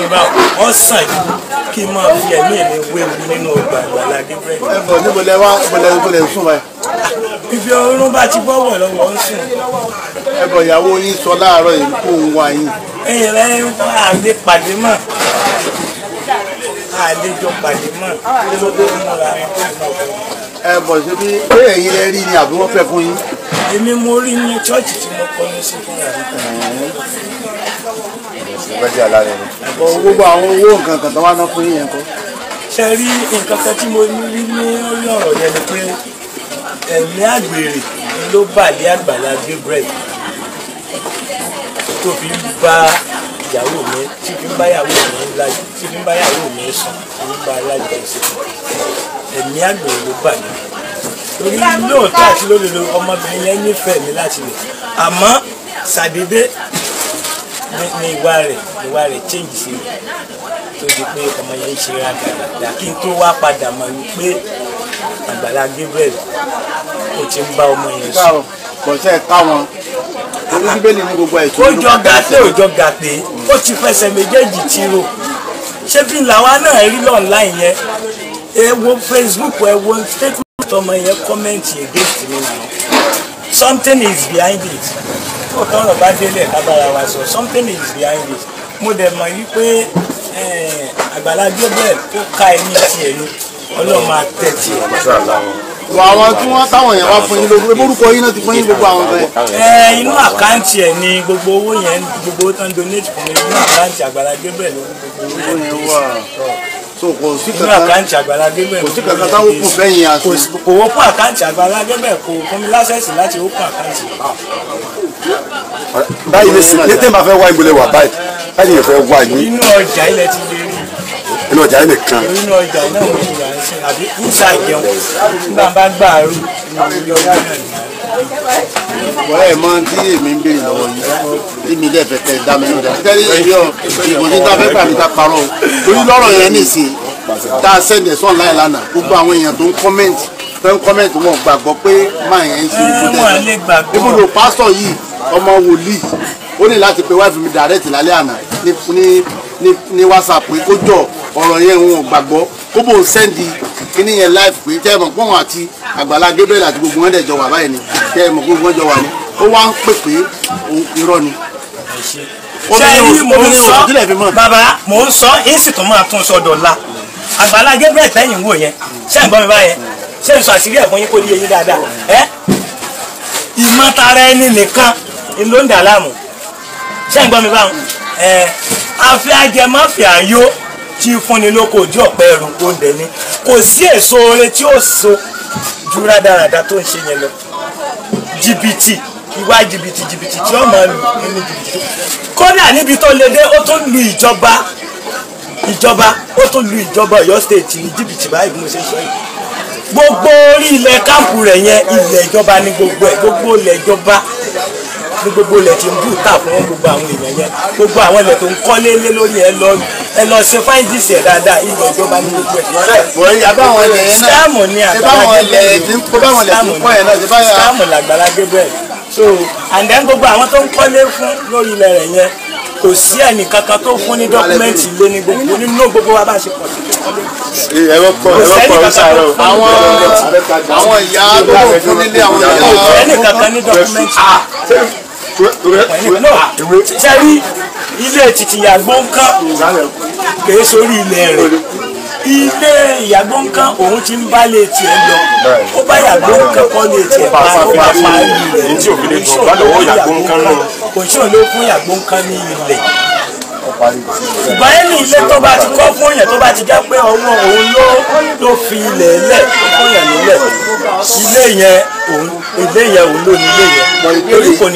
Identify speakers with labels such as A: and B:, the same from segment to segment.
A: mi bá wọn sàn kí n máa fi ẹ̀mí mi wéwu nínú ọgbà Àgbàlá Gabriel.
B: ẹ bọ̀ níbo lẹ wá níbo lẹ níbo lẹ ń sùn báyìí.
A: fífi oorun bá ti bọ́wọ̀ lọ́wọ́ ń sùn. ẹ bọ̀ ìyàwó yín sọ láàárọ̀ yìí kó ń wá yín. ẹ̀yin rẹ ń wá àlè pàdé mọ́ àlejò pàdé mọ́ lórí múra ẹ bọ̀ ṣe bí pé ẹ̀yin lẹ rí ni àbí wọ́n fẹ́ fún yín. èmi mo rí ní
B: ṣọ́ọ̀ṣì tí mo kọ́ ní sí fún yàrá ìgbẹ́jì aláàrẹ ni.
A: gbogbo àwọn owó nǹkan kan tó wá ná fún yín kọ́. ṣe rí nǹkan kan tí mo rí ní orí ọ̀rọ̀ yẹn ni pé ẹ̀mí àgbèrè ló bàlẹ́ àgbàlá Gabriel tó fi bá ìyàwó mi tí fi ń bá ìyàwó mi lájú tí fi ń bá ìyàwó mi sùn tí fi ń bá lájú ẹsẹ̀ ẹ̀mí àgbèrè ló bàlẹ́ torí lóòótọ́ àti lódodo ọmọbìnrin yẹn nífẹ̀ẹ́ mi láti lè àmọ́ ṣàdédé ní ìwà rẹ̀ ìwà rẹ̀ change sí mi tó di pé ọmọ yẹn ń ṣe rádaràdà kí n tó wá padà mọ̀ wípé Àgbàlá Gabriel kò ti ń bá ọmọ yẹn sùn. kò sẹ́ ẹ̀ káwọn torí bíbélì ní gbogbo ẹ̀tọ́. ó jọ gàtẹ́ ó jọ gàtẹ́ ó ti fẹsẹ̀ méjèèjì tiro ṣé bí làwa náà rí online yẹn ẹ wo Facebook ẹ wo statement ọmọ yẹn comment against me now something is behind it tó tọrọ bá délẹ̀ kábàrà wa sọ something is behind this mo dẹ̀ mọ̀ yí pé Àgbàlá Gabriel tó ká ẹni tiẹ̀ ni ọlọ́run máa tẹ̀ tiẹ̀. wà àwọn tí wọ́n táwọn yẹn wá fún yín
B: lóko lórúkọ yín náà ti fún yín gbogbo àwọn ọ̀rẹ́. ẹ inú àkáǹtì
A: ẹ ni gbogbo owó yẹn gbogbo tán donate fún mi inú àkáǹtì Àgbàlá Gabriel ló ń gbogbo owó yẹn wà so kò sí kankan nínú àkáǹtì Àgbàlá Gabriel kò sí kankan táwọn òkú fẹ́yìn àti. kò wọ́pọ̀ àkáǹtì Àgbàlá Gabriel kò fún mi lásẹ̀sì láti òkú àkáǹtì
B: báyìí lè sè é tẹ́ máa fẹ́ wá ìgbélé wà báyìí báyìí lè fẹ́ wá ìgbé. inú
A: ọjà ilẹ̀ ti lè rí. inú ọjà ilẹ̀ kan. inú ọjà iná mo ti rà sí àbí kúta jẹun nígbà bá gbà á rú ìyọ̀ ọjà náà wọ́n ẹ̀ mọ̀
B: tí èmi ń béèrè lọ́wọ́ yìí tí mi dẹ̀ fẹ́ tẹ dá mi lóda tẹ́lẹ̀ ìbí ọ ìbò tí tá a fẹ́ gbà mí ta parọ́ o torí lọ́rọ̀ yẹn nìsín tá a sẹ́ndẹ̀ sọ̀ láì lánàá gbogbo àwọn èèyàn tó ń kọ́mẹ́ǹtì tó ń kọ́mẹ́ǹtì wọn gbàgbọ́ pé máa yẹn ń ṣe ibùdó ibùdó pásítọ̀ yìí ọmọ wòlíì ó ní láti pe wáìfì mi direct lálẹ́ àná ní ní ní whatsapp pé kó jọ ọ̀rọ̀ yẹn òun ò gbàgbọ́ kó bò ń sẹ́ndì kíní yẹn live pé tẹ́ ẹ mọ̀ pọ́n àti àgbàlá Gabriel àti gbogbo wọn dẹ̀ jọ wà báyìí ni tẹ́ ẹ mọ̀ gbogbo wọn jọ wà ní ó wá ń pè pé òun irọ́ ni. sẹ́yìn mò ń
A: sọ bàbá mò ń sọ èyí sì tún máa tún sọ dọ̀la àgbàlá Gabriel tẹ́yìn wò yẹn sẹ́yìn gbọ́ mi báyẹn sẹ́yìn sọ àṣírí ẹ̀fọn yín kó lé yín dáadáa ẹ́ ìmọ̀tara ẹni nìkan èló ń dà láàmú ṣé ń gbọ́ mi báwọn ẹ afẹ́ ajẹmáfẹ́ àyó tí fúnni lóko ojú ọ̀pẹ ẹrù oúnjẹ ni kò sí èso oore tí ó so ju rádaràda tó ń ṣe yẹn lọ jìbìtì ìwà jìbìtì jìbìtì tí ó máa lù nínú jìbìtì kódà níbi tó le dé ó tún lu ìjọba ìjọba ó tún lu ìjọba Ọ̀yọ́ state ní jìbìtì báyìí mo ṣe sọ yìí gbogbo orí ilẹ̀ káàpù rẹ̀ yẹn ilẹ̀ ìjọba ni gbogbo ẹ̀ gbogbo ilẹ̀ ìjọba ní gbogbo ilẹ̀ tí ń bù tà fún gbogbo àwọn èèyàn yẹn gbogbo àwọn ilẹ̀ tó ń kọ́lé lé lórí ẹ lọ ẹ lọ ṣe fáìndì ṣẹ̀ dáadáa ilẹ̀ ìjọba ní gbogbo ẹ̀. wọ́n yà bá wọn lẹ̀ yẹn náà sítámù ni àgbàlá gẹ́gẹ́ sítámù làgbàlá gẹ́gẹ́ so and then gbogbo àwọn tó ń kọ́lé fún lórí ilẹ̀ rẹ̀ yẹn kò sí ẹnì kankan tó fún ní dọ́kúmẹ́ǹtì lé ní gbogbo nínú gbogbo wa bá ṣe pọ̀ sí. ẹ̀rọ kọ ẹ̀rọ kọ ọ̀sà o. àwọn àwọn ìyá gbogbo fún nílé àwọn ìyá wọn. kò sẹ́nì kankan ní dọ́kúmẹ́ǹtì. Ah, ah, ah, sẹ́rí ilé tìtìyàgbó ń kán kèé sórí ilẹ̀ rẹ̀ ilé ìyàgbọ́ nǹkan òun ti ń bá lè tiẹ̀ lọ ó bá ìyàgbọ́ nǹkan kọ́ lè tiẹ̀ pa ó bá pa ìlú rẹ̀ kò sóò ló fún ìyàgbọ́ nǹkan ní ilẹ̀ ìgbà yẹn ní ilé tó bá ti kọ́ fún yẹn tó bá ti já pé ọwọ́ òun ló ló fi ilẹ̀ lẹ̀ fún yẹn nílẹ̀ ilé yẹn òun ilé yẹn òun ló ní ilé yẹn torí kò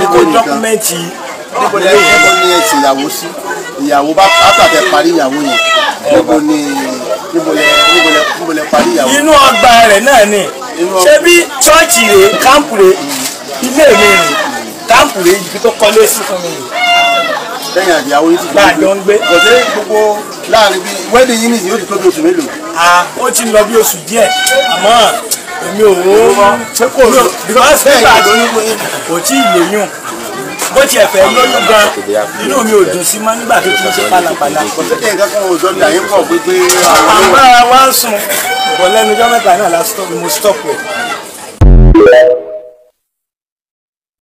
A: ní kó dọ́kúmẹ́ǹtì ilé yẹn. níbo ni ẹ ti ìyàwó bá pàtàkì parí ìyàwó yẹn níbo ni níbo lẹ níbo lẹ níbo lẹ parí ìyàwó. inú ọgbà rẹ̀ náà ni ṣé bí ṣọ́ọ̀ṣì rè kámpù rè ilé mi rè kámpù rè ibi tó kọ́lé sí fún mi rè lẹ́yìn àdìyàwó yìí ti gbé
B: gbàdọ̀ ń gbé. ọ̀sẹ̀ gbogbo láàrin bíi wẹ́ẹ̀dì yìí nìyí ó ti tó bí oṣù mélòó. a ó ti lọ bí oṣù
A: díẹ̀ àmọ́ èmi ò wọ́n ṣé kò lọ bí wọ́n ṣe gbàdọ̀ kò tí ì lè bó tiẹ̀ fẹ́ lóyún gan inú mi ò dùn sí mọ́ nígbà tó ti ṣe pálapàla. kò tẹ́tẹ̀ nǹkan kan ò sọ bí àyè pọ̀ pé àwọn. àmọ́ ara wa ń sùn bọ̀ lẹ́nu ọjọ́ mẹ́ta náà la mo stop rẹ̀.